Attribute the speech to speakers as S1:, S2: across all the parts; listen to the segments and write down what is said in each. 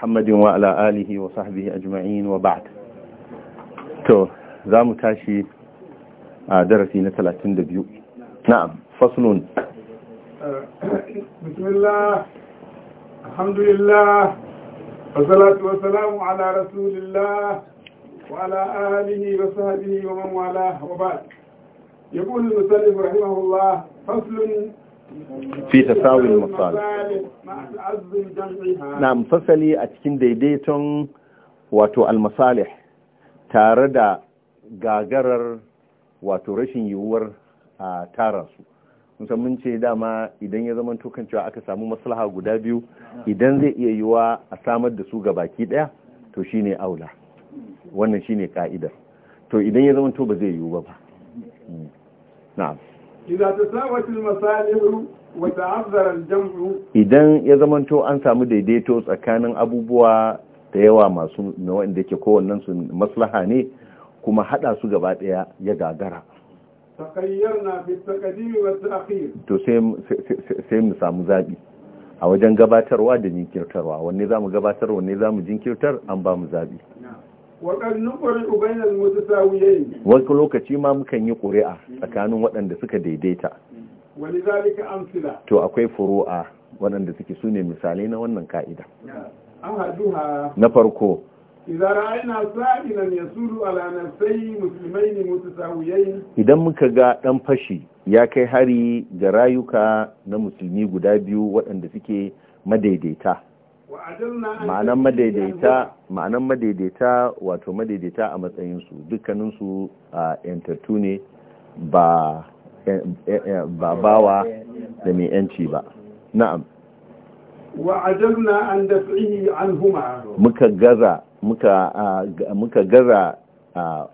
S1: محمد وعلى آله وصحبه أجمعين وبعد تو زام تاشي درسي نتلاتين دبيو نعم فصل
S2: بسم الله الحمد لله والصلاة والسلام على رسول الله وعلى آله وصحبه ومن والاه وبعد يقول المسلم رحمه الله فصل fi sawin masal na
S1: fasali a cikin daidaiton wato almasalih tare da gagarar wato rashin yiwuwar a tara su musamman ce dama idan ya zama tukan cewa aka samu maslaha guda biyu idan zai iya yiwuwa a samar da su ga baki daya to shine aula wannan shine ka'idar to idan ya zama to ba zai yiwu ba hmm. na'am
S2: إذا تساوت المصالح وتعذر الجمع
S1: إذن إذا يزمنتو أن سامو ديديتو سكانن أبوبوا da yawa masu na wanda ke kowannen su maslaha ne kuma hada su gaba daya
S2: في التقديم والتأخير
S1: تو سيم samu zabi a wajen gabatarwa da jinkirtarwa wanne zamu gabatar wanne mu jinkirtar an ba mu zabi wasu lokaci ma mukan yi ƙuri'a tsakanin waɗanda suka daidaita to akwai furu'a waɗanda suke su ne misalai na wannan ka'ida na farko idan muka ga ɗan fashi ya kai hari ga rayuka na musulmi guda biyu waɗanda suke madaidaita
S2: ma'anan madaidaita
S1: ma'anan madaidaita wato madaidaita a matsayinsu dukkaninsu a yantattu ne ba bawa da mai yanci ba na'am
S2: wa'ajalna an an huma muka
S1: gaza muka gaza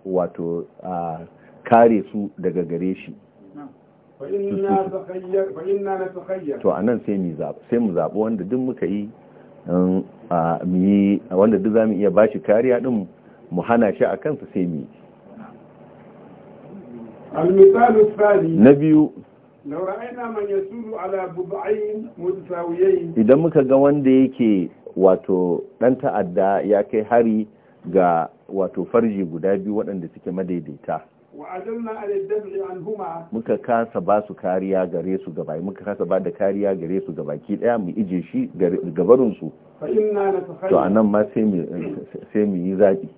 S1: wato kare su daga gare shi to anan sai mu zaɓi wanda duk muka yi wanda duk za mu iya bashi kariya din mu hana shi a kansa sai mu na biyu idan muka ga wanda yake wato ɗan ta'adda ya kai hari ga wato farji guda biyu waɗanda suke madaidaita muka kasa ba su kariya gare su gaba muka kasa ba da kariya gare su gaba ki daya mu ije shi gabarin su to anan ma sai mu sai mu yi zabi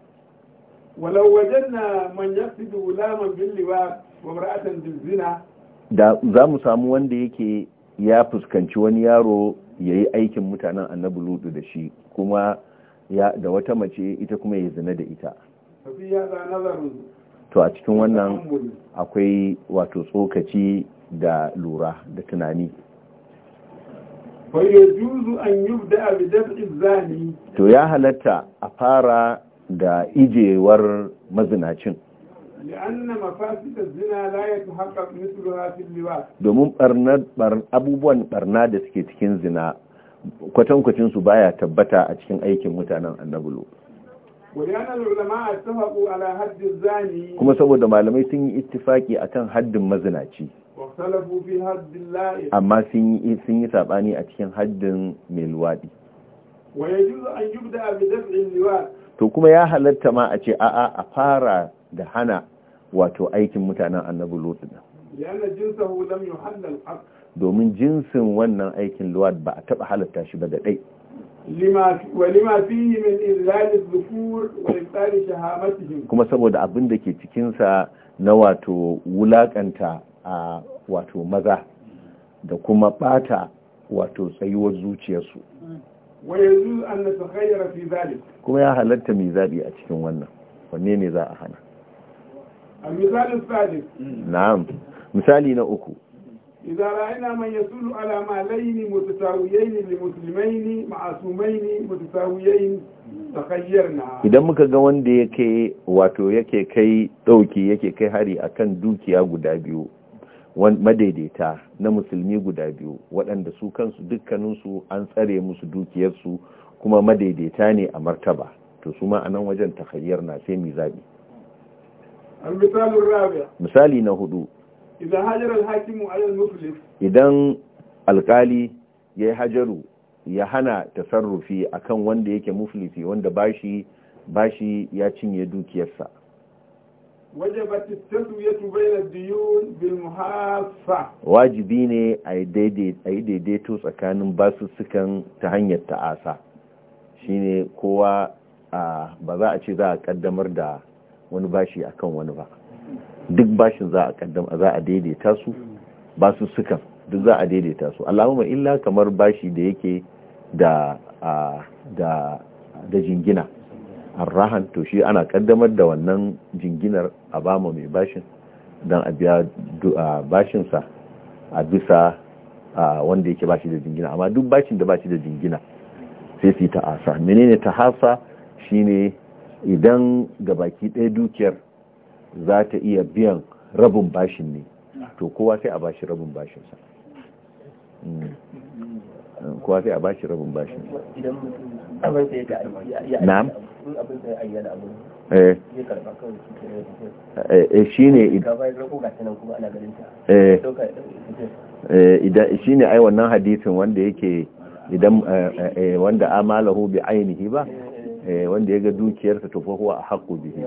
S2: walau wajanna man yaqsidu gulaman bil liwa wa mar'atan bil
S1: da za mu samu wanda yake ya fuskanci wani yaro ya yi aikin mutanen annabi ludu da shi kuma ya da wata mace ita kuma ya zina da ita to a cikin wannan akwai wato tsokaci da lura da tunani to ya halatta
S2: a fara
S1: da ijewar mazinacin domin abubuwan barna da suke cikin zina kwatankwacinsu baya tabbata a cikin aikin mutanen annabulu kuma saboda malamai sun yi ittifaki akan haddin mazinaci amma sun yi saɓani a cikin haddin mai luwaɗi to kuma ya halatta ma a ce a'a a fara da hana wato aikin mutanen annabi lutsu domin jinsin wannan aikin luwaɗi ba a taɓa halatta shi ba da ɗai
S2: walima fihi min izlal dhukur wa iftar shahamatihim kuma
S1: saboda abin da ke cikinsa na wato wulaƙanta a wato maza da kuma bata wato tsayuwar zuciyarsu
S2: ويجوز أن نتخير في ذلك
S1: كما يا هلت ميزابي أتكن ونا ونيني ذا أحنا
S2: المثال الثالث
S1: نعم مثالي نأكو
S2: إذا رأينا من يدل على مالين متساويين لمسلمين معصومين متساويين تخيرنا
S1: idan muka ga wanda yake wato yake kai dauki yake kai hari kan dukiya guda biyu madaidaita na musulmi guda biyu waɗanda su kansu dukkaninsu an tsare musu dukiyarsu kuma madaidaita ne a martaba to su ma a nan wajen takayyar na sai mi zaɓi misali na hudu idan alkali ya yi hajaru ya hana tasarrufi akan wanda yake muflisi wanda bashi bashi ya cinye dukiyarsa wajibi ne a yi daidaito tsakanin basussukan ta hanyar ta'asa shine kowa ba za a ce za a kaddamar da wani bashi akan wani ba duk bashin za a kaddama za a daidaita su ba su suka duk za a daidaita su allahumma illa kamar bashi da yake da da da jingina arrahan to shi ana kaddamar da wannan jinginar a bama mai bashin don a biya bashinsa a bisa wanda yake bashi da jingina amma duk bashin da bashi da jingina sai su yi ta'asa menene ta'asa shine idan ga baki ɗaya dukiyar za ta iya biyan rabin bashin ne to kowa sai a bashi rabin sa mm. kowa sai a bashi rabin bashin na'am shi ne ai wannan hadisin wanda yake idan eh, eh, eh, wanda amalahu bi ainihi ba wanda ya ga dukiyarsa to fa a haƙƙo bihi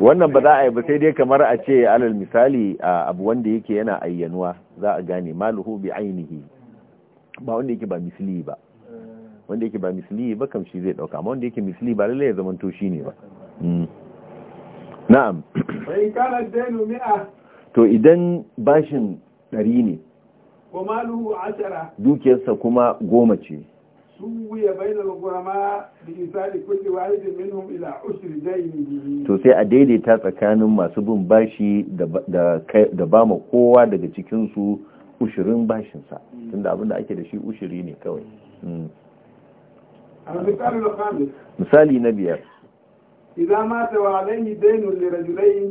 S1: wannan ba za a yi ba sai dai kamar a ce alal misali abu wanda yake yana ayyanuwa za a gane maluhu bi ainihi ba wanda yake ba misli ba wanda yake ba misli ba kam shi zai dauka amma wanda yake misli ba lalle ya zama to shi ne ba hmm. na'am
S2: sai kana dainu mi'a
S1: to idan bashin 100 ne
S2: wa maluhu 10
S1: dukiyarsa kuma goma ce
S2: سوي بين الغرماء بإنسان
S1: sai a daidaita tsakanin masu bin bashi da ba kowa daga cikin su ushirin bashin sa tunda abinda ake da shi ushiri ne kawai mm. misali na biyar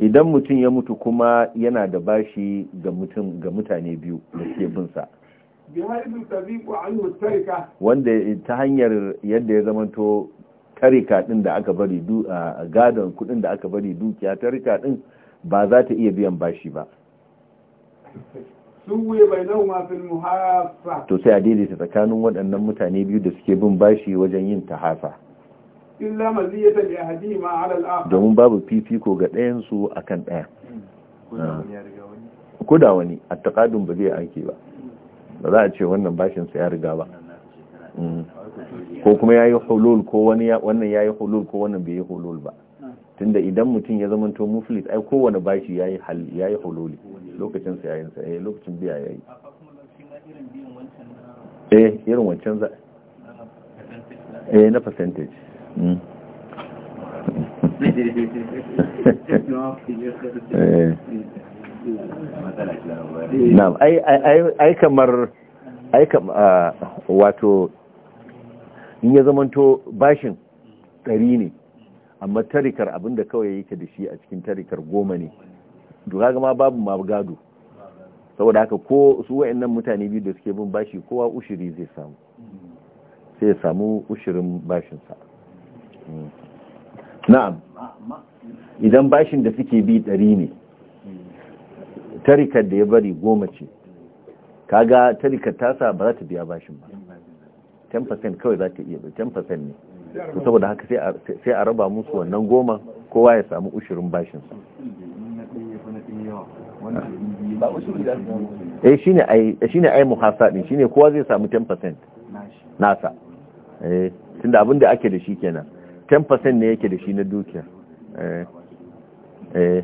S1: idan mutum ya mutu kuma yana da bashi ga mutane biyu da suke binsa. wanda ta hanyar yadda ya zamanto tarika din da aka bari a gadon kudin da aka bari dukiya tarika din ba za ta iya biyan bashi ba to sai a daidaita tsakanin waɗannan mutane biyu da suke bin bashi wajen yin tahafa domin babu fifiko ga ɗayansu akan ɗaya
S2: hmm.
S1: ko da wani a taƙadun ba zai aiki ba ba za a ce wannan bashinsa ya riga ba mm. ko kuma ya yi hulul ko wannan ya yi hulul ko wannan bai yi hulul ba tunda idan mutum ya zama to muflis ai kowane bashi ya yi hululi lokacin sa yayin sa eh lokacin biya yayi eh irin wancan za eh na percentage mm eh na'am ai kamar ai wato in ya zamanto bashin ɗari ne amma tarikar abinda kawai yake da shi a cikin tarikar goma ne duka gama babu ma gado saboda haka ko su nan mutane biyu da suke bin bashi kowa ushiri zai samu sai samu ushirin bashinsa hmm. na'am idan bashin da suke bi ɗari ne tarikar da ya bari goma ce kaga tarikar tasa ba za ta biya bashin ba 10% kawai za ta iya ba 10% ne su saboda haka sai a raba musu wannan goma kowa ya samu ushirin bashin su eh shine ai shine ai muhasa din shine kowa zai samu 10% nasa tun eh, tunda abin da ake da shi kenan 10% ne yake da shi na dukiya eh, eh.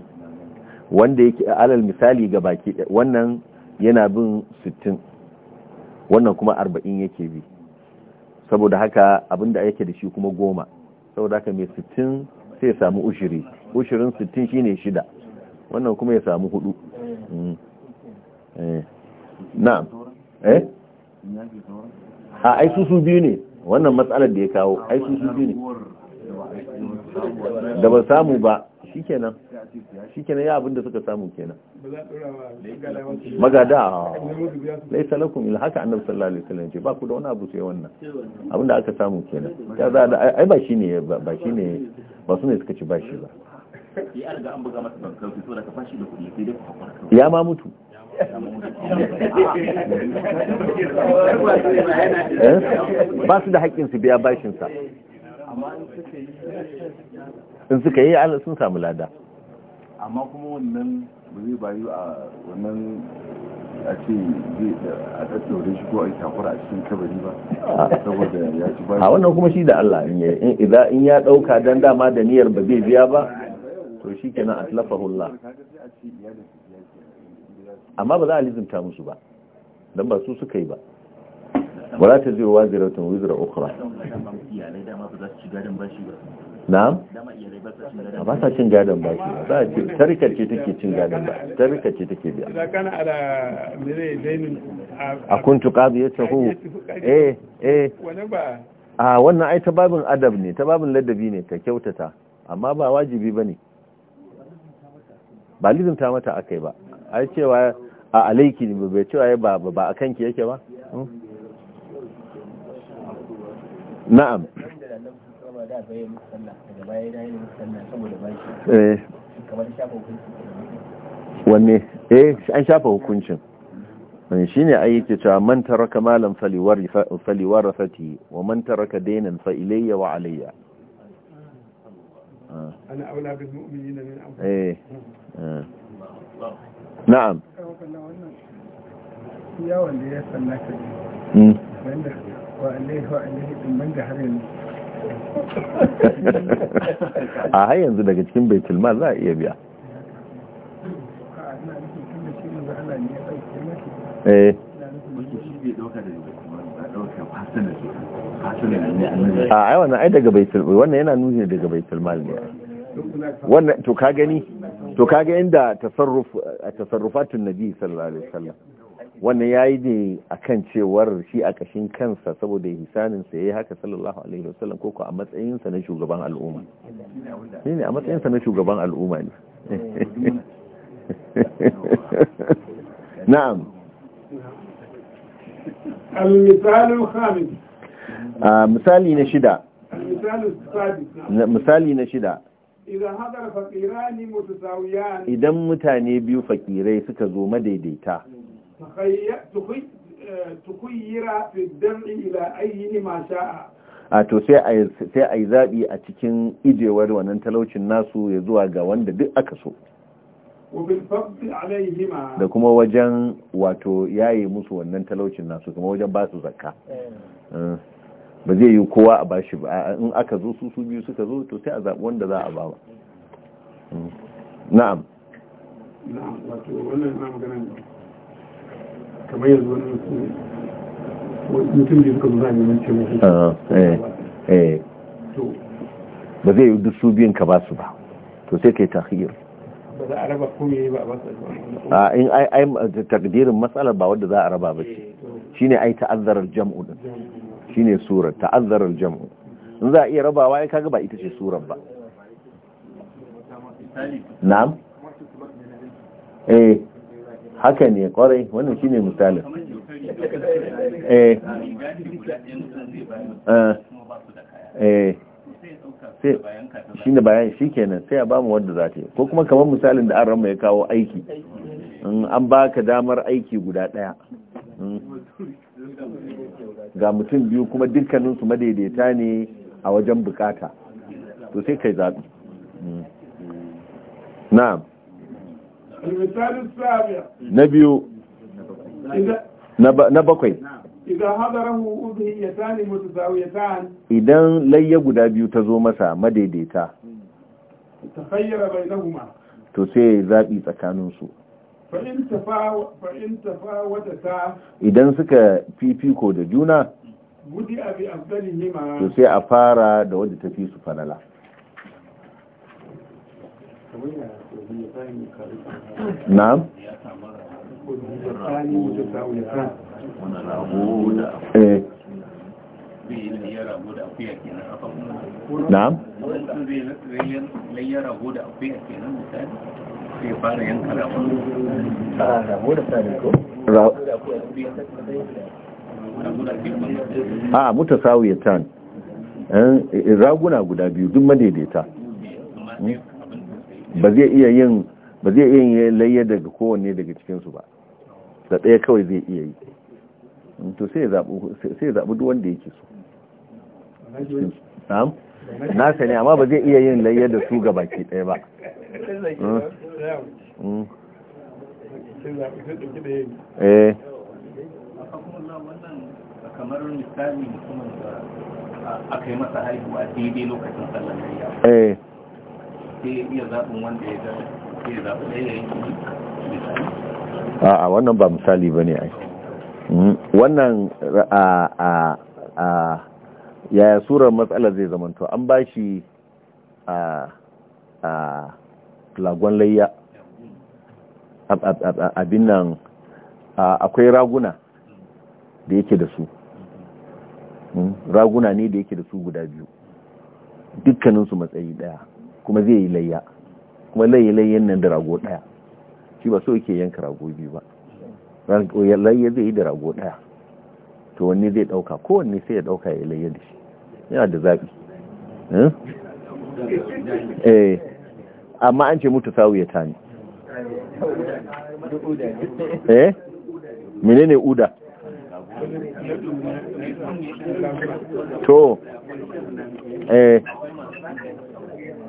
S1: wanda yake alal misali ga baki wannan yana bin 60 wannan kuma 40 yake bi saboda haka abinda yake da shi kuma goma saboda haka mai 60 sai ya samu ushiri ushirin 60 shine shida wannan kuma ya samu hudu mm. eh. eh a ai su biyu ne wannan matsalar da ya kawo ai su biyu ne da ba samu ba shikenan shikenan ya abinda suka samu kenan
S2: magada laisa
S1: lakum illa haka annabi sallallahu alaihi wasallam ce ba ku da wani abu sai wannan abinda aka samu kenan ya za ai ba shine ba shine ba su ne suka ci bashi ba ya ma mutu eh? ba su da su biya bashin bashinsa in suka yi ala sun samu lada amma kuma wannan zai bayu a wannan a ce zai a ɗaɗɗaure shi ko a yi takura a cikin kabari ba saboda ya ci bayu a wannan kuma shi da Allah in ya ɗauka don dama da niyyar ba zai biya ba to shi ke nan a hula amma ba za a lizinta musu ba don ba su suka yi ba ba za ta zirwa ziratun wizira okra na'am a ba sa cin gadon ba shi ba a ce tarika ce take cin gadon ba tarikar ce take biya
S2: a kuntu ƙazu ya ce hu eh eh
S1: a wannan ai ta babin adab ne ta babin ladabi ne ka kyautata amma ba wajibi ba ne ba lizinta mata aka yi ba ai cewa a alaiki ne bai cewa ya ba a kanki yake ba hmm? na'am cewa da bai daga baya da yin saboda bashi eh kamar shafa hukunci wanne eh an shafa hukuncin wani eh, shi ne ayyuke cewa man taraka malam faliwar wa man taraka denan fa ilayya wa alayya ah.
S2: ana aula bil mu'minina min eh. eh na'am ya ne wanda hmm. wa alaihi wa alaihi din banda har yanzu a har
S1: yanzu daga cikin baitul mal za a iya biya eh a ai wannan ai daga baitul wannan yana nuni daga baitul mal ne wannan to ka gani to ga inda tasarruf tasarrufatun nabi sallallahu alaihi wasallam wannan ya yi ne a kan cewar shi a ƙashin kansa saboda hisaninsa ya yi haka sallallahu alaihi wasallam ko a matsayinsa na shugaban al'umma ne ne a matsayinsa na shugaban al'umma ne na'am misali na shida misali na shida idan mutane biyu fakirai suka zo madaidaita
S2: tukuyira fi dam'i ila ayyini ma sha'a
S1: a to sai a yi zaɓi a cikin ijewar wannan talaucin nasu ya zuwa ga wanda duk aka so da kuma wajen wato yaye musu wannan talaucin nasu kuma wajen ba su zakka eh. Eh. ba zai yi kowa a bashi ba in aka zo su su biyu suka zo to sai a zaɓi wanda za a ba ba eh. hmm. na'am
S2: na'am wato wannan na ne kamar yanzu wani mutum da suka zuwa ah, eh,
S1: eh. ba zai yi duk su biyun ka ba su ba to sai kai tahir
S2: ba za a raba komai ba a ah,
S1: in ai ai takdirin matsalar ba wanda za a raba ba ce eh, shine ai ta'azzarar jam'u din shine surar ta'azzarar jam'u in za a iya rabawa ai kaga ba ita ce surar ba na'am eh haka ne kwarai wannan shine misalin eh eh, eh. ne bayan shi kenan sai a bamu wanda za ta yi ko kuma kamar misalin da an rama ya kawo aiki an ba ka damar aiki guda daya hmm. ga mutum biyu kuma dukkaninsu madaidaita ne a wajen bukata to sai kai zaɓi hmm. na'am na biyu na bakwai idan layya guda biyu ta zo masa madaidaita to sai ya zaɓi tsakaninsu idan suka fifiko da juna to sai a fara da wadda ta fi su falala na'am eh. na'am a muta sawiyatan eh, eh, raguna guda biyu duk madaidaita hmm? ba zai iya yin ba zai iya yin layya daga kowanne daga cikinsu ba da ɗaya kawai zai iya yi to sai ya zaɓi duwanda wanda yake so
S2: na sani amma ba
S1: zai iya yin layya da su gabaki ɗaya ba hmm? eh
S2: kamar misali musamman
S1: a aka yi masa haihuwa daidai lokacin sallar layya A'a, a wannan ba misali ba ne hmm, wannan a yaya surar matsalar zai zamanto an ba shi a lagon layya abin nan akwai raguna da yake da su hmm, raguna ne da yake da su guda biyu dukkaninsu matsayi daya kuma zai yi layya kuma layi layyan nan da rago daya shi ba so yake yanka rago biyu ba layya zai yi da rago daya to wanne zai dauka kowanne sai ya dauka ya layya da shi yana da zaɓi. Hmm? eh amma an ce mutu sawiya ta ne eh menene uda to eh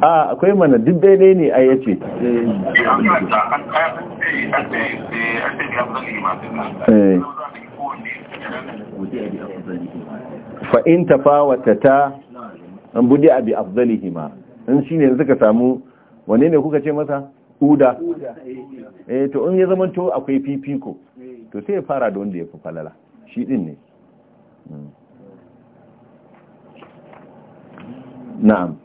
S1: a akwai mana duk daidai ne a yace eh. in tafawata ta an budi abi afzalihima in shine yanzu ka samu wane ne kuka ce masa uda eh to in ya zamanto akwai fifiko to sai ya fara da wanda ya fi falala shi din ne hmm. na'am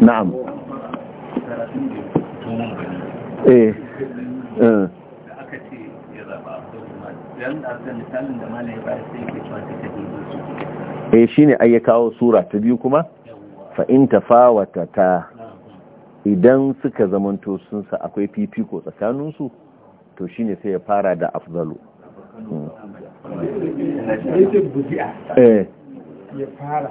S1: na'am eh eh, eh shine ne ya kawo sura ta biyu kuma fa in tafawata ta idan suka zamanto sun sa akwai fifiko tsakaninsu to to ne sai ya fara da Afzalo. Hmm.
S2: eh ya fara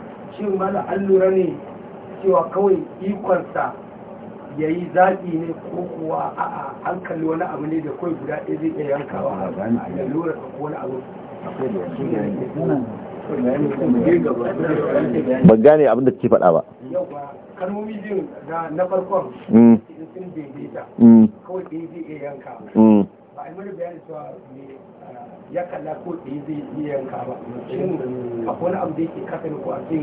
S1: shin mana an lura ne cewa kawai ikonsa ya yi zaɓi ne ko kuwa a an kalli wani abu ne da kawai guda ɗaya zai iya yankawa
S2: a ya lura ko wani abu ba
S1: gane abin da ke faɗa ba
S2: kalmomi biyun da na farkon
S1: mm. sun daidaita mm. kawai ɗaya zai iya yankawa mm. ba a yi mana bayani cewa ya kalla ko ɗaya zai iya yanka ba shin akwai wani abu da yake kasa ko a ce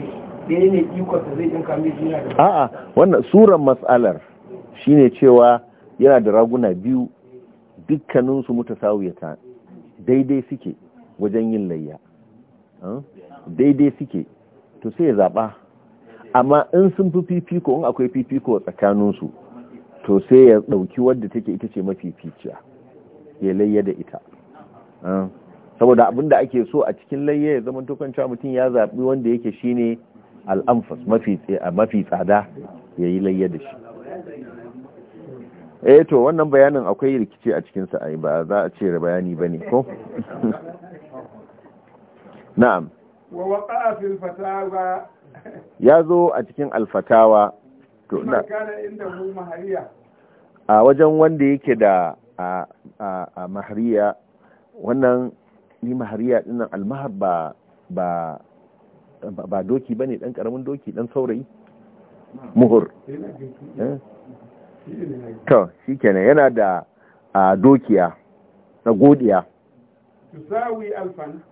S1: ɗaya ne ikon da zai yanka mai jina da a'a wannan suran shi shine cewa yana da raguna biyu dukkaninsu mutasawiyata daidai suke wajen yin layya hmm? daidai suke to sai ya zaɓa amma in sun fi fifiko in akwai fifiko tsakaninsu to sai ya ɗauki wadda take ita ce mafificiya ya layya da ita Ah. saboda abinda ake so a cikin layya ya zama tukan cewa mutum ya zaɓi wanda yake shi ne al'amfas mafi tsada ya yi layya da shi eh to wannan bayanin akwai rikici a cikinsa sa'ayi, ba za a ce bayani ba ne ko na'am ya zo a cikin alfatawa to na a wajen wanda yake da a mahariya wannan ni mahariya dinnan almahar ba ba ba doki bane dan karamin doki dan saurayi muhur eh? to shikenan yana da dokiya na godiya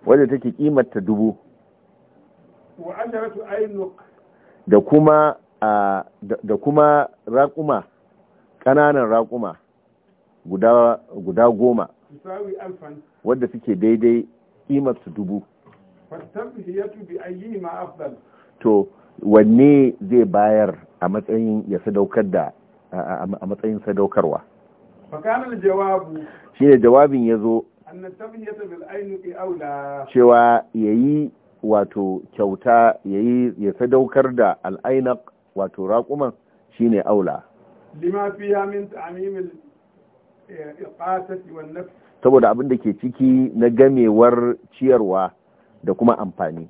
S1: wanda take ta dubu da kuma da kuma raƙuma ƙananan raƙuma guda goma wadda suke daidai kimar su dubu to wanne zai bayar a matsayin ya sadaukar da a matsayin sadaukarwa jawabu. shi ne jawabin ya zo cewa ya yi wato kyauta ya yi ya sadaukar da al'ainak wato raƙuman shi ne aula
S2: lima fiya min ta'amimin eh, iqatati wan nafs
S1: saboda abin da ke ciki na gamewar ciyarwa da kuma amfani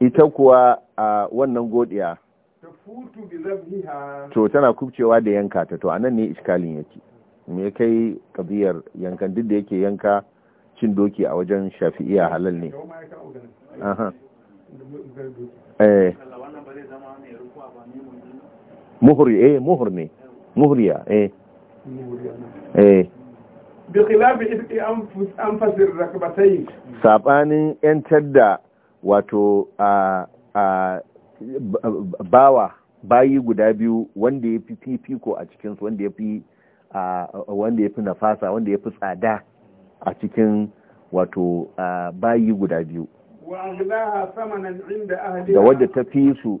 S1: ita kuwa a wannan godiya to tana kubcewa da yanka ta to anan ne iskalin yake me kai kabiyar yankan duk da yake yanka cin doki a wajen shafi'iya halal ne eh. muhur eh muhur ne muhuriya eh eh
S2: bi khilafi ibti anfasir
S1: sabanin yantar da wato a a bawa bayi guda biyu wanda ya fi fifiko a cikinsu wanda ya fi wanda ya fi nafasa wanda ya fi tsada a cikin wato bayi guda biyu da wadda ta fi su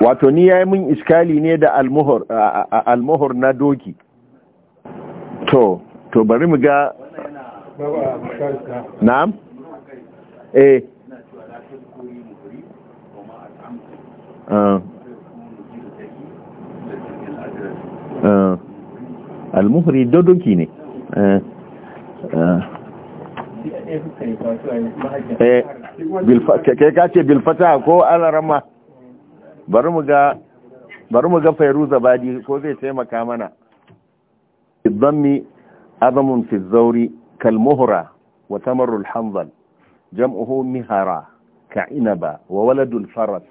S1: wato ni ya yi min iskali ne da almuhur na doki to to bari mu ga na'am eh ah. ah. almuhri doki ne eh ah. eh kace bilfata ko alarama bari mu ga fairu zabadi badi ko zai taimaka mana idanmi azamun fi zauri kalmuhra wa tamarul hanzal jam'uhu mihara ba wa waladul faras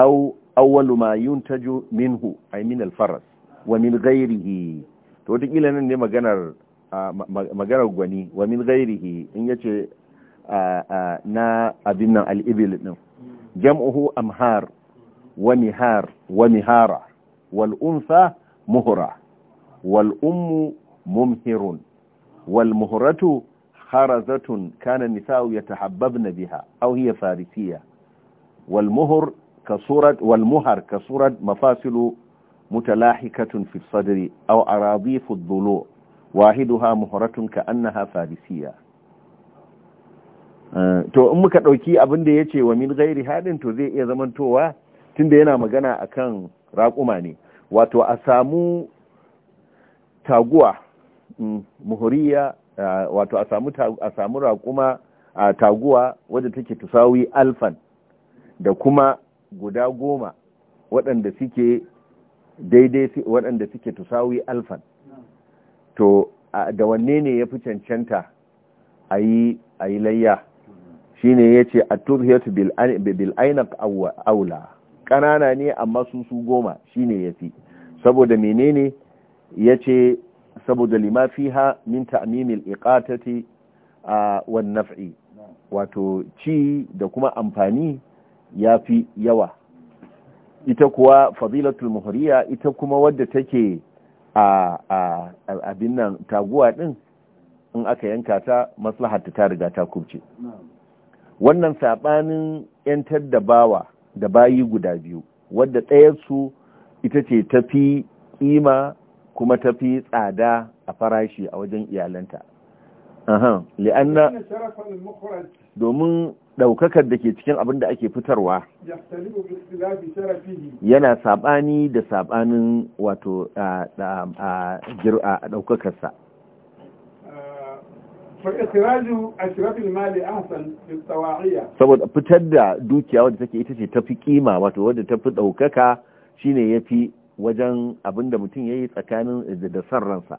S1: au awwalu ma yuntaju minhu ay min faras wa min ghairihi to nan ne maganar maganar gwani wa min ghairihi in yace na abin nan al-ibil din جمعه أمهار ومهار ومهارة والأنثى مهرة والأم ممهر والمهرة خرزة كان النساء يتحببن بها أو هي فارسية والمهر كصورة والمهر كصورة مفاصل متلاحكة في الصدر أو أراضيف الضلوع واحدها مهرة كأنها فارسية Eh, to in muka ɗauki abin da ya ce wa min gairi haɗin to zai iya zamantowa tunda yana magana a kan raƙuma ne wato a samu taguwa mm, muhuriya wato a samu raƙuma a taguwa wadda take tusawi alfan da kuma guda goma waɗanda suke daidai waɗanda suke tusawi alfan to da wanne ne ya fi cancanta a yi layya shine yace at-tudhiyatu bil bil aynaq aula kanana ne amma su su goma shine yafi saboda menene yace saboda lima fiha min ta'mimil iqatati wa naf'i wato ci da kuma amfani yafi yawa ita kuwa fadilatul muhriya ita kuma wadda take a abin nan taguwa din in aka yanka ta maslahar ta riga ta kubce wannan saɓanin 'yantar da bawa da bayi guda biyu wadda ɗayarsu ita ce ta fi ƙima kuma tafi tsada a farashi a wajen iyalanta li'anna domin ɗaukakar da ke cikin abin da ake fitarwa yana saɓani da saɓanin wato a ɗaukakarsa saboda fitar da dukiya wadda take ita ce ta fi kima wato wadda ta fi daukaka shine fi wajen abinda mutum ya yi tsakanin da san ransa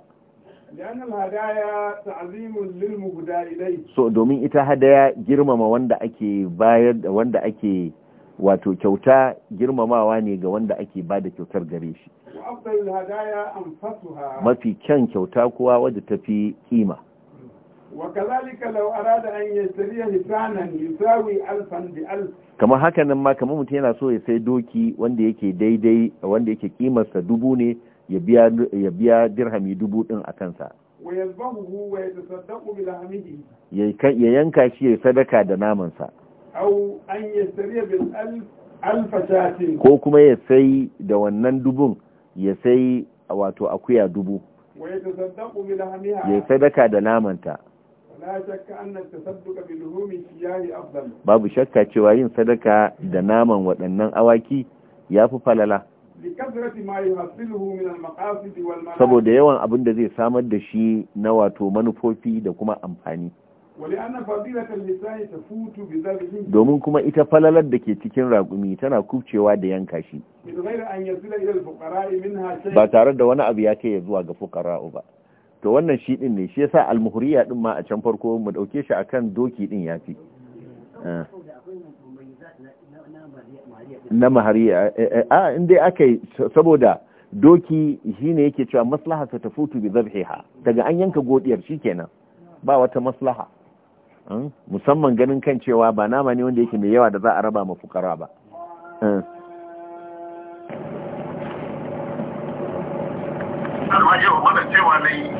S1: so domin ita hadaya girmama wanda ake bayar da wanda ake wato kyauta girmamawa ne ga wanda ake ba da kyautar gare shi mafi kyan kyauta kuwa wadda tafi kima
S2: وكذلك لو أراد أن يشتري حصانا يساوي ألفا بألف
S1: kamar haka nan ma kamar mutum yana so ya sai doki wanda yake daidai wanda yake kimarsa dubu ne ya biya dirhami dubu din a kansa ya yanka shi ya sadaka da namansa ko kuma ya sai da wannan dubun ya sai wato akuya dubu ya sadaka da namanta babu shakka cewa yin sadaka da naman waɗannan awaki ya fi falala saboda yawan abin da zai samar da shi na wato manufofi da kuma amfani domin kuma ita falalar da ke cikin raƙumi tana kubcewa da yanka shi ba tare da wani abu ya kai ya zuwa ga fukara'u ba to wannan shi din ne shi yasa almuhuriya din ma a can farko mu dauke shi akan doki din yafi na mahariya eh, eh, a ah, inda aka yi saboda doki shine yake cewa maslaha ta tafutu bi zabhiha daga an yanka godiyar shikenan ba wata maslaha hmm? musamman ganin kan cewa ba nama ne wanda yake mai yawa da za a raba ma fukara ba hmm.
S2: cewa na yi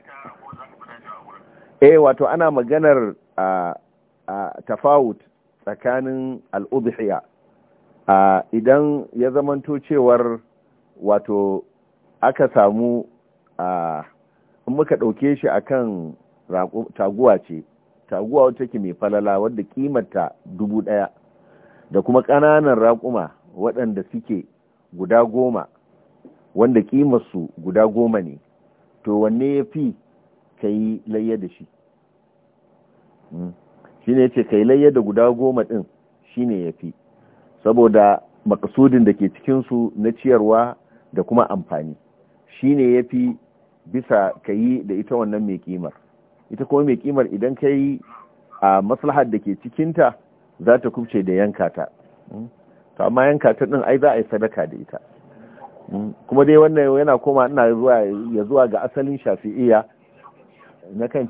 S1: eh wato ana maganar a tafawut tsakanin al'udhiya idan ya zamanto cewar wato aka samu a muka ɗauke shi akan taguwa ce taguwa wata ke mai falala wadda kimarta dubu ɗaya da kuma ƙananan raƙuma waɗanda suke guda goma wanda su guda goma ne to wanne ya fi ka yi layya da shi hmm. shi ne ce ka yi layya da guda goma ɗin shi ne ya fi saboda makasudin da ke cikinsu na ciyarwa da kuma amfani shi ne ya fi bisa ka yi da ita wannan mai kimar ita kuma mai ƙimar idan ka yi a maslahar da ke cikinta za ta kubce da yanka ta hmm. amma yanka ta ɗin ai za a yi sadaka da ita hmm. kuma dai wannan yana koma ina zuwa ga asalin shafi'iya na kan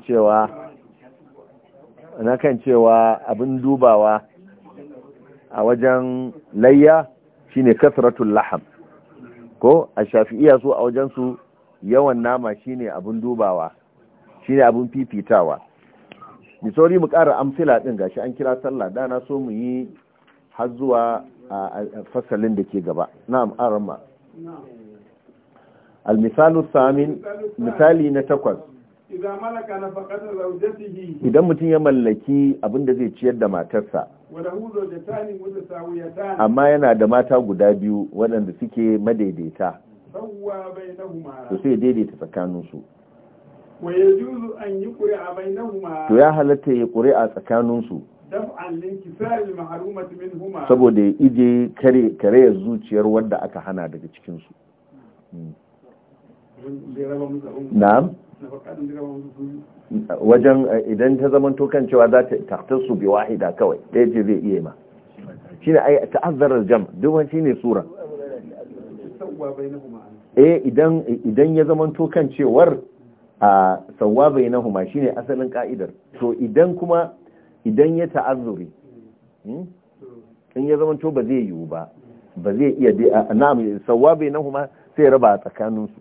S1: cewa abin dubawa a wajen layya shine kasratul laham ko a shafi'iyya su a wajen su yawan nama shine abin dubawa shine abin fifitawa ni sauri mu ƙara amsila din gashi an kira sallah dana so mu yi har zuwa fasalin da ke gaba na'am arama al misalu samin misali na takwas idan mutum ya mallaki abin da zai ciyar da matarsa amma yana da mata guda biyu waɗanda suke madaidaita to sai daidaita tsakaninsu to ya halatta ya a tsakaninsu saboda ya ije kare zuciyar wadda aka hana daga cikinsu na'am wajen eh, idan ta zama kan cewa za ta su bi wahida kawai ɗaya ce zai iya ma shi ne ai ta'azzarar jam duwan shi ne sura eh idan ya zama kan cewar a sauwa bai na huma shi ne asalin ka'idar to idan kuma idan ya ta'azzuri hmm, in ya zama ba zai yiwu ba ba zai iya na sauwa bai na huma sai raba a tsakaninsu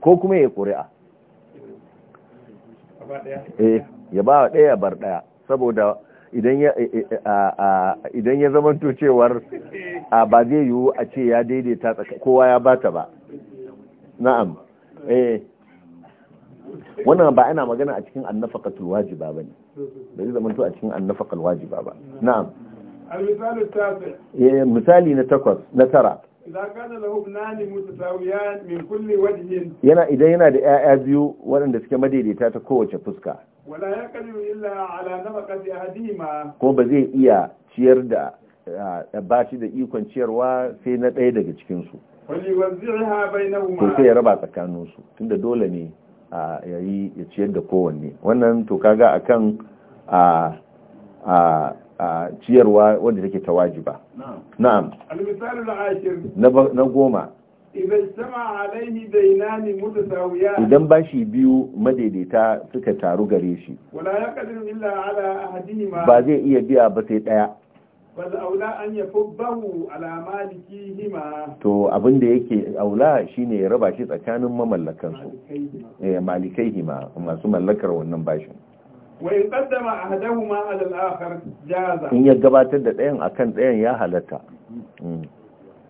S1: ko kuma ya ƙuri'a eh ya ba ɗaya bar ɗaya saboda idan ya eh, eh, zamanto cewar ba zai yiwu a ce ya daidaita kowa ya bata ba na'am eh wannan ba ana magana a cikin annafaqatul wajiba bane bai zamanto a cikin annafaqal wajiba ba na'am eh, misali na takwas na tara yana idan yana da 'ya'ya biyu waɗanda suke madaidaita ta kowace fuska ko ba zai iya ciyar da ba shi da ikon ciyarwa sai na ɗaya daga cikinsu to sai ya raba tsakaninsu tunda dole ne ya ciyar da kowanne wannan to kaga akan a ciyarwa wanda take ta wajiba na'am na goma idan bashi biyu madaidaita suka taru gare shi ba zai iya biya ba sai daya to abin da yake aula shine ya raba shi tsakanin
S2: su.
S1: malikai hima masu mallakar wannan bashin
S2: Wai ƙaddama a hadahu ma ala al'akar jaza in ya
S1: gabatar da ɗayan a kan ɗayan ya halatta mm.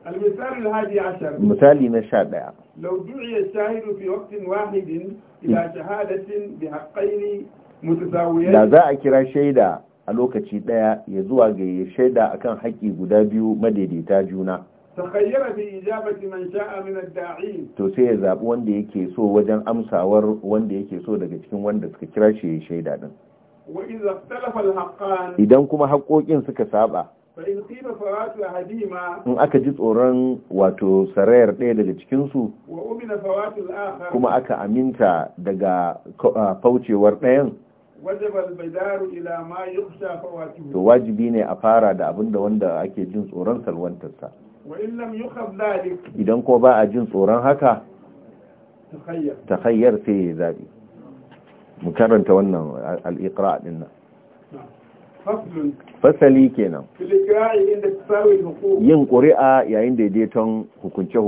S2: al-misali hajji ashar misali
S1: na sha ɗaya
S2: laududu ya shahidu fi waktin wahidin ila mm. shahadatin bi haƙaini mutusawuyar da
S1: za a kira shaida a lokaci ɗaya ya zuwa ga ya shaida akan haƙƙi guda biyu madaidaita juna.
S2: تخير بإجابة من شاء من الداعين
S1: to sai ya zabi wanda yake so wajen amsawar wanda yake so daga cikin wanda suka kira shi ya shaida din
S2: wa idza ikhtalafa al-haqqan
S1: idan kuma haƙoƙin suka saba
S2: fa in qiba faratu ahadima in aka ji
S1: tsoron wato sarayar ɗaya daga cikin su
S2: wa umina fawatu al-akhar kuma aka
S1: aminta daga faucewar ɗayan to wajibi ne a fara da abinda wanda ake jin tsoron salwantarsa idan ko ba a jin tsoron haka ta hanyar sai ya zaɓi mu karanta wannan al'ikra ɗin nan fasali kenan yin ƙuri'a yayin daidaiton hukunce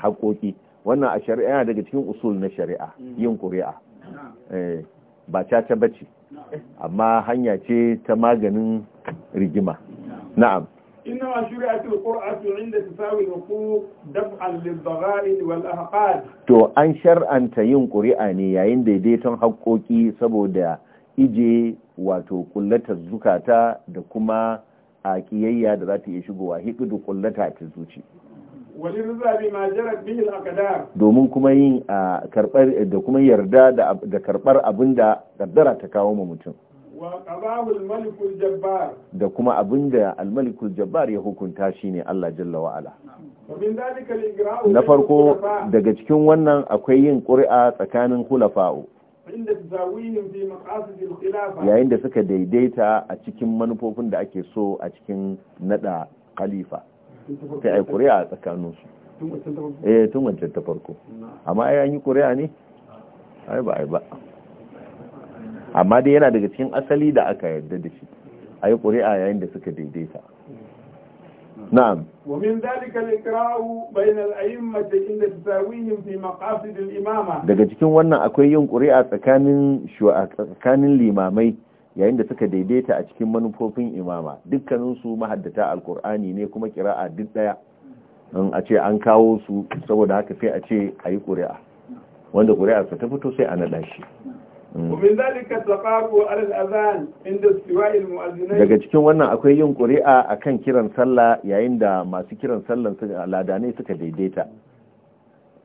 S1: haƙoƙi wannan a shari'a yana daga cikin usul na shari'a mm. yin ƙuri'a eh, ba caca bace amma hanya ce ta maganin rigima na'am
S2: إنما شرعت القرعة عند تساوي الوقوف دفعا للضغائن والأحقاد
S1: تو أن شرعا تيون قرآني يعين دي دي تنحقوكي سبودا ije wato kullatar zukata da kuma a kiyayya da za ta iya shigowa hikidu kullata ta zuci domin kuma yin karbar da kuma yarda da karbar abinda kaddara ta kawo ma mutum da kuma abin da almalikul jabbar ya hukunta shine Allah jalla wa'ala
S2: na farko daga
S1: cikin wannan akwai yin ƙuri'a tsakanin hulafa'u yayin da suka daidaita a cikin manufofin da ake so a cikin nada khalifa ta yi ƙuri'a a tsakaninsu tun wancan ta farko eh, amma yi ƙuri'a ne ai ba ai ba amma dai yana daga cikin asali da aka yarda da shi a yi ƙuri'a yayin da suka daidaita na'am
S2: ومن ذلك الإقراء بين inda عند تساويهم في مقاصد imama. daga
S1: cikin wannan akwai yin ƙuri'a tsakanin tsakanin limamai yayin da suka daidaita a cikin manufofin imama dukkanin su mahaddata alqur'ani ne kuma ƙira'a duk daya in a ce an kawo su saboda haka sai a ce ayi ƙuri'a wanda ƙuri'a ta fito sai a naɗa shi Mm. daga cikin wannan akwai yin ƙuri'a a kan kiran sallah yayin da masu kiran sallah ladanai suka daidaita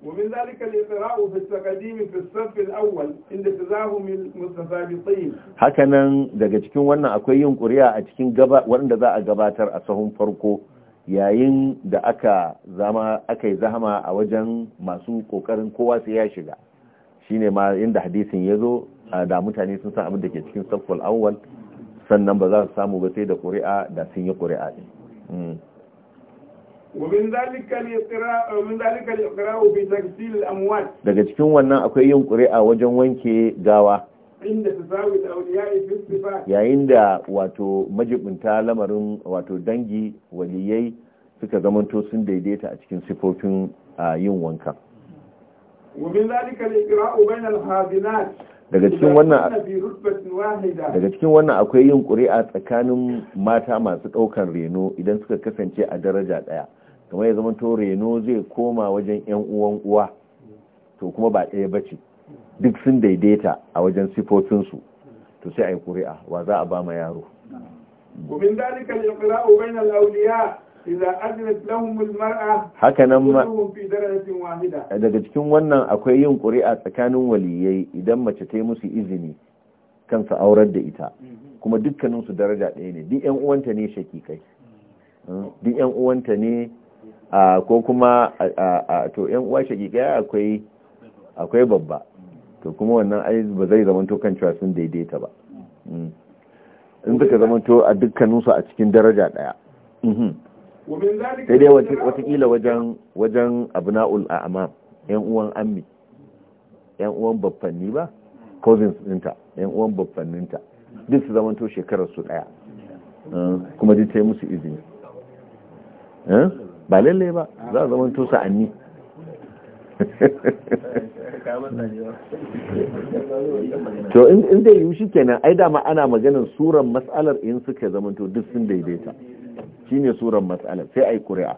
S2: ومن ذلك الإقراء في التقديم في الصف الأول عند تزاهم المتسابقين
S1: hakanan daga cikin wannan akwai yin ƙuri'a a cikin gaba wanda za a gabatar a sahun farko yayin da aka zama aka yi zahama a wajen masu kokarin kowa sai ya shiga shine ma inda hadisin ya zo da mutane sun san abin da ke cikin safwal awwal sannan ba za su samu ba sai da ƙuri'a da sun yi ƙuri'a din mm. daga cikin wannan akwai yin ƙuri'a wajen wanke gawa yayin da wato majibinta lamarin wato dangi waliyai suka zamanto sun daidaita a cikin sifofin yin wanka daga cikin wannan akwai yin ƙuri'a tsakanin mata masu ɗaukar reno idan suka kasance a daraja ɗaya kamar ya to reno zai koma wajen 'yan uwan uwa to kuma ba ɗaya ba ce duk sun daidaita a wajen sifofinsu to sai a yi ƙuri'a wa za a ba ma yaro hakanan ما daga cikin wannan akwai yin ƙuri'a tsakanin waliyai idan mace ta yi musu izini kansa aurar da ita mhm. kuma dukkaninsu daraja ɗaya ne duk yan uwanta ne shakikai دي mhm. yan hmm. uwanta ne ko kuma to yan uwa shakikai akwai akwai babba to kuma wannan ai ba zai zamanto kan cewa sun daidaita ba mhm. hmm. in suka to a dukkaninsu a cikin daraja ɗaya hmm. sai dai watakila wajen wajen abna'ul a'mam yan uwan ammi yan uwan baffanni ba cousins ɗinta yan uwan baffanninta duk su to shekarar su ɗaya eh, kuma duk ta yi musu izini eh, ba lallai ba za a zamanto sa'anni to in dai yi shi kenan ai dama ana maganin suran matsalar in suka zamanto duk sun daidaita shine surar matsala sai ai kuri'a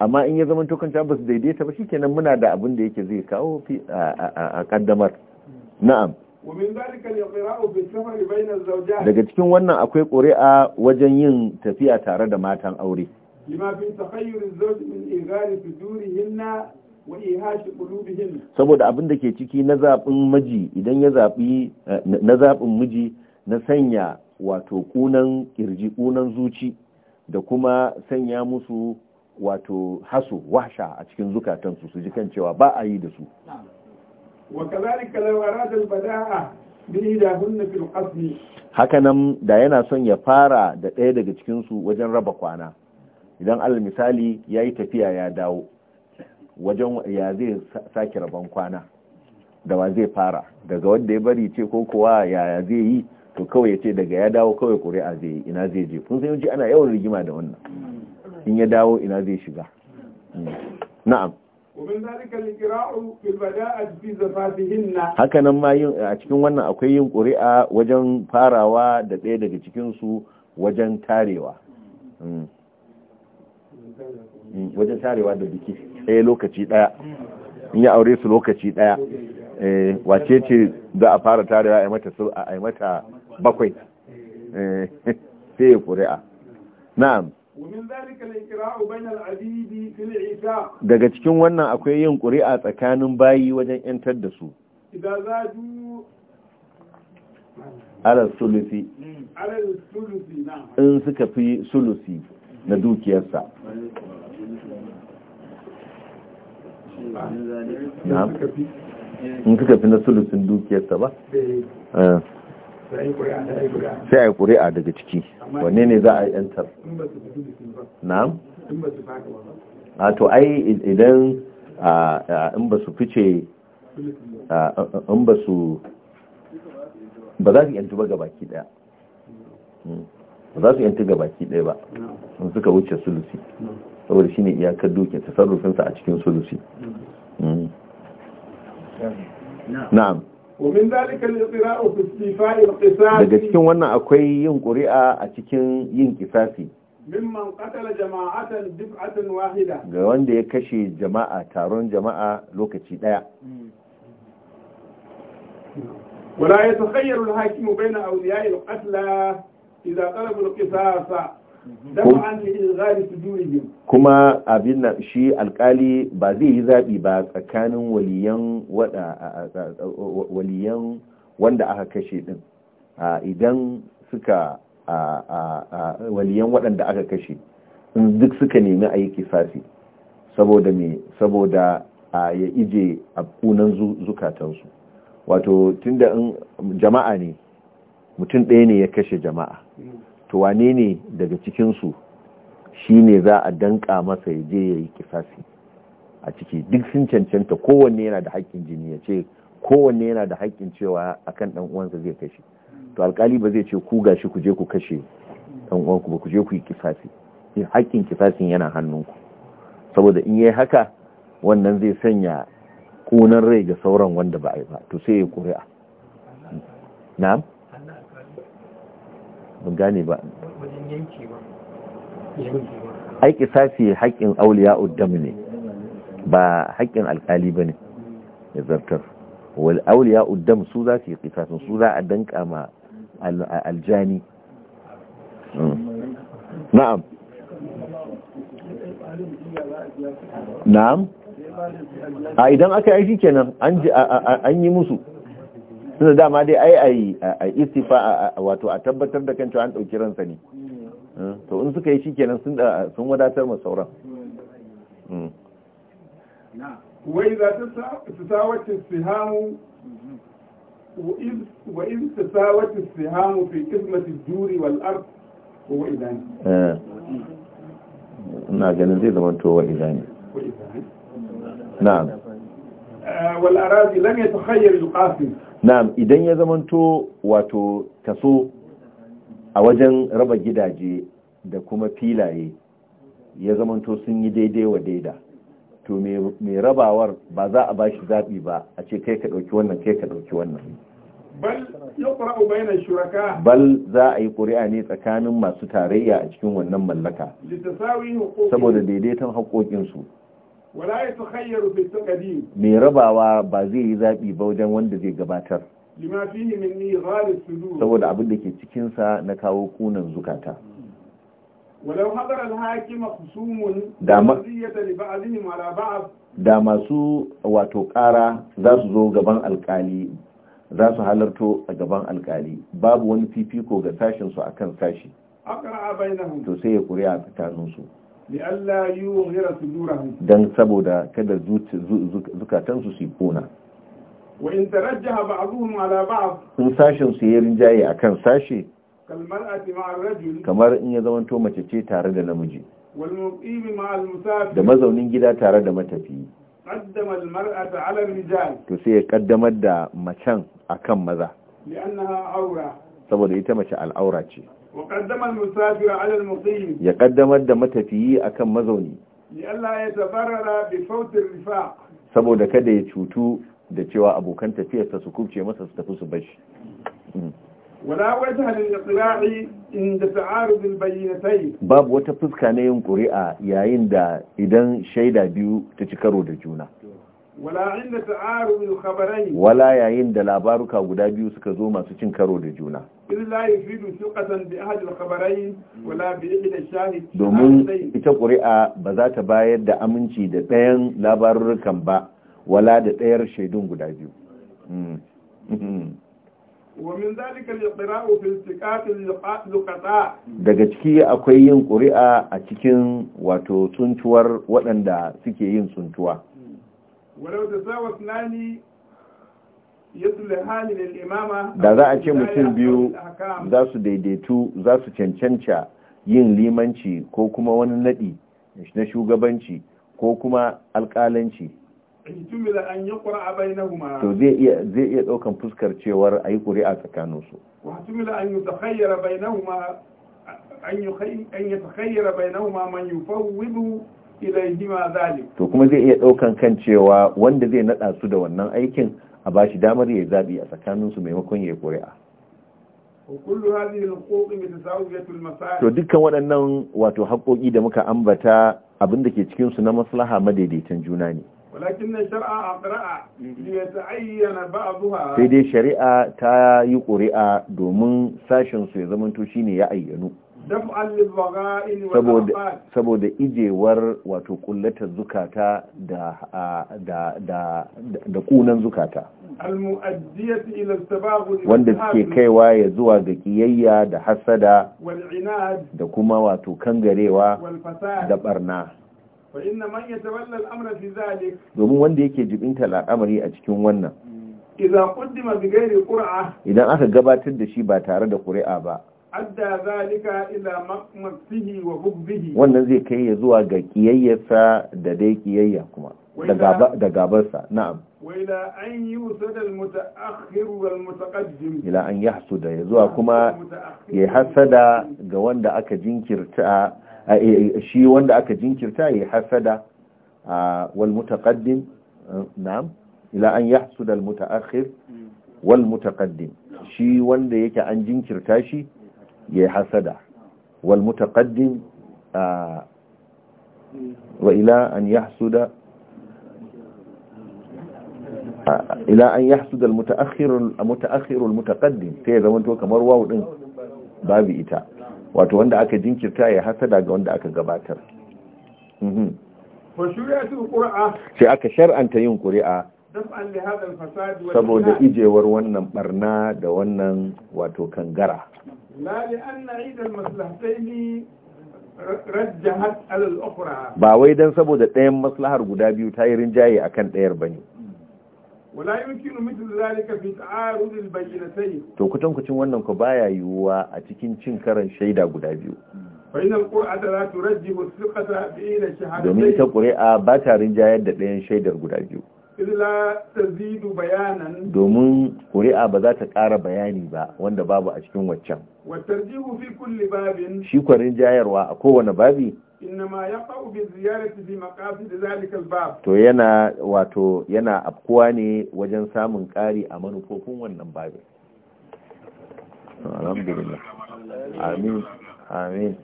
S1: amma in ya zama tokan ba su daidaita ba shikenan muna da abin da yake zai kawo a kaddamar na'am daga cikin wannan akwai kuri'a wajen yin tafiya tare da matan aure saboda abin da ke ciki na zaɓin miji idan ya zaɓi eh, na zaɓin miji na sanya wato ƙunan ƙirji kunan zuci da kuma sanya musu wato hasu wahsha a cikin zukatansu su ji kan cewa ba a yi da su hakanan da yana son ya fara da ɗaya daga cikinsu wajen raba kwana idan alal misali ya yi tafiya ya dawo wajen ya zai sake rabon kwana da wa zai fara daga wanda ya bari ce ko kuwa yaya zai yi to kawai ya ce daga ya dawo kawai ƙuri'a zai ina zai je kun sai yawanci ana yawan rigima da wannan in ya dawo ina zai shiga hmm. na'am haka nan ma yin a cikin wannan akwai yin ƙuri'a wajen farawa da ɗaya daga cikinsu wajen tarewa hmm. Hmm, wajen tarewa da biki ɗaya lokaci ɗaya in ya aure su lokaci ɗaya eh, wace ce za a fara tarewa a yi mata bakwai eh, sai ya ƙuri'a na'am daga cikin wannan akwai yin ƙuri'a tsakanin bayi wajen ‘yantar da su ala sulusi in suka fi sulusi na dukiyarsa in suka fi na sulusin dukiyarsa ba? Eh. Eh. sai a yi ƙuri'a daga ciki
S2: wanne ne za a yantar
S1: na'am a to ai idan in ba su fice in ba su ba za su yantu ba ga baki daya hmm. ba za su yantu baki daya ba in suka wuce sulusi saboda shi ne iyakar duke tasarrufinsa a cikin sulusi hmm. na'am
S2: daga cikin
S1: wannan akwai yin ƙuri'a a cikin yin kisafi ga wanda ya kashe jama'a taron jama'a lokaci ɗaya
S2: wala ya ta hayyar hakimu bai na auliya ya ƙasla idan ƙarfin ƙisasa
S1: kuma abin na shi alkali ba zai yi zaɓi ba tsakanin waliyan wanda aka kashe din idan suka waliyan waɗanda aka kashe duk suka nemi a yi kisafi saboda me saboda ya ije a kunan zukatansu wato tunda in jama'a ne mutum ɗaya ne ya kashe jama'a mm. to wane ne daga cikinsu shi ne za a danka masa ya je ya yi kisasi a ciki duk sun cancanta kowanne yana da haƙƙin jini ya ce kowanne yana da haƙƙin cewa akan ɗan uwansa zai kashe to alkali ba zai ce ku gashi ku je ku kashe ɗan uwanku ba ku je ku yi kisasi in haƙƙin kisasin yana hannunku saboda in yi haka wannan zai sanya ƙunan rai ga sauran wanda ba a yi ba to sai ya ƙuri'a na'am ban gane ba aiki kisasi haƙƙin auliya uddam ne ba haƙƙin alƙali ba ne ya zartar wal auliya uddam su za su yi kisasin su za a danka ma aljani hmm. na'am
S2: na'am a idan
S1: aka yi shi kenan an yi musu suna dama dai ai a istifa wato a tabbatar da kan cewa an ɗauki ransa ne hmm. to in suka yi shi kenan sun wadatar ma sauran
S2: wai za ta sawacin sihamu wa in ta sawacin sihamu fi kismatin juri wal ard ko wa idani
S1: eh. na ganin zai zama to wa idani na
S2: eh, wal arazi lam yatakhayyar al-qasim
S1: na'am idan ya zamanto wato kaso a wajen raba gidaje da kuma filaye ya zamanto sun yi daidai wa daida to mai rabawar ba za a bashi zaɓi ba a ce kai ka ɗauki wannan kai ka ɗauki wannan bal za a yi ƙuri'a ne tsakanin masu tarayya a cikin wannan mallaka saboda daidaiton haƙoƙinsu
S2: wala ya mai
S1: rabawa ba zai yi zaɓi ba wajen wanda zai gabatar saboda abin da ke cikin sa na kawo kunan zukata
S2: walau da
S1: da masu wato ƙara za su zo gaban alkali za su halarto a gaban alkali babu wani fifiko ga sashinsu su akan sashi
S2: aqra bainahum to
S1: sai ya kuri'a tsakaninsu su don saboda kada zukatansu su kuna in sashen su yi rinjaye a kan sashe kamar in ya zamanto mace ce tare da namiji da mazaunin gida tare da matafiyi to sai ya kaddamar da macen akan maza saboda ita mace al'aura ce ya kaddamar da matafiyi kan mazauni saboda kada ya cutu da cewa abokan tafiyarsa su kubce masa su tafi su bashi
S2: hmm. wala wajha lil iqra'i inda ta'arud ta yi? babu
S1: wata fuska na yin ƙuri'a yayin da idan shaida biyu ta ci karo da juna wala yayin da labaruka guda biyu suka zo masu cin karo da juna
S2: domin
S1: ita ƙuri'a ba za ta bayar da aminci da ɗayan labarukan ba wala da ɗayar shaidun guda biyu hmm. daga ciki akwai yin ƙuri'a a cikin wato tsuntuwar waɗanda suke yin tsuntuwa
S2: walau da sawa da za a ce mutum biyu za
S1: su daidaitu za su cancanta yin limanci ko kuma wani naɗi na shugabanci ko kuma alƙalanci
S2: to zai iya
S1: zai fuskar cewar a yi ƙuri'a tsakaninsu
S2: an to kuma
S1: zai iya ɗaukan kan cewa wanda zai naɗa su da wannan aikin a ba shi damar ya zaɓi a tsakaninsu maimakon ya ƙuri'a to dukkan waɗannan wato haƙoƙi da muka ambata abin da ke cikinsu na maslaha madaidaitan juna ne sai dai shari'a ta yi ƙuri'a domin sashen su ya zamanto shine ya ayyanu saboda ijewar wato kullatar zukata da kunan zukata
S2: wanda suke kaiwa
S1: ya zuwa ga kiyayya da hasada da kuma wato kangarewa da barna domin wanda yake jibinta al'amari a cikin wannan idan aka gabatar da shi ba tare da ƙuri'a ba
S2: adda zalika ila maqmatihi wa hubbihi wannan zai
S1: kai ya zuwa ga kiyayyarsa da dai kiyayya kuma da da gabarsa na'am
S2: wa ila an yusad al mutaakhir wal mutaqaddim ila an
S1: yahsuda ya zuwa kuma
S2: ya hasada
S1: ga wanda aka jinkirta e, e, shi wanda aka jinkirta ya hasada wal mutaqaddim na'am ila an yahsuda al mutaakhir mm. wal mutaqaddim shi wanda yake an jinkirta shi ya hasada wal mutaqaddim wa ila an yahsuda ila an yahsuda al mutaakhir al mutaakhir al mutaqaddim sai zama to kamar wawu din babu ita wato wanda aka jinkirta ya hasada ga wanda aka gabatar mhm. sai aka shar'anta yin qur'a
S2: saboda ijewar
S1: wannan barna da wannan wato kangara
S2: لا li عيد المصلحتين رجحت على alal با ba
S1: wai dan saboda ɗayan maslahar guda biyu ta yi rinjaye akan ɗayar bane
S2: wala yumkinu mithl zalika
S1: wannan ko baya yiwuwa a cikin cin karan shaida guda biyu
S2: فإن القرعة لا ترجح الثقة بإلى شهادتين دومين
S1: تقرئة باتا رنجاية domin ƙuri'a ba za ta ƙara bayani ba wanda babu a cikin waccan shi kwarin jayarwa a kowane babi to yana wato yana afkuwa ne wajen samun ƙari a manufofin wannan babin alhamdulillah amin amin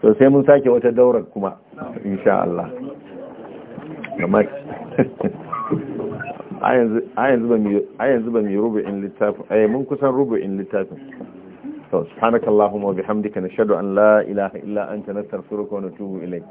S1: to sai mun sake wata daurar kuma insha Allah a yanzu ba mai rubu'in littafin a eh, mun kusan rubu'in littafin subhanakallahumma wa bihamdika nashhadu an la ilaha illa anta nastaghfiruka wa natubu ilayk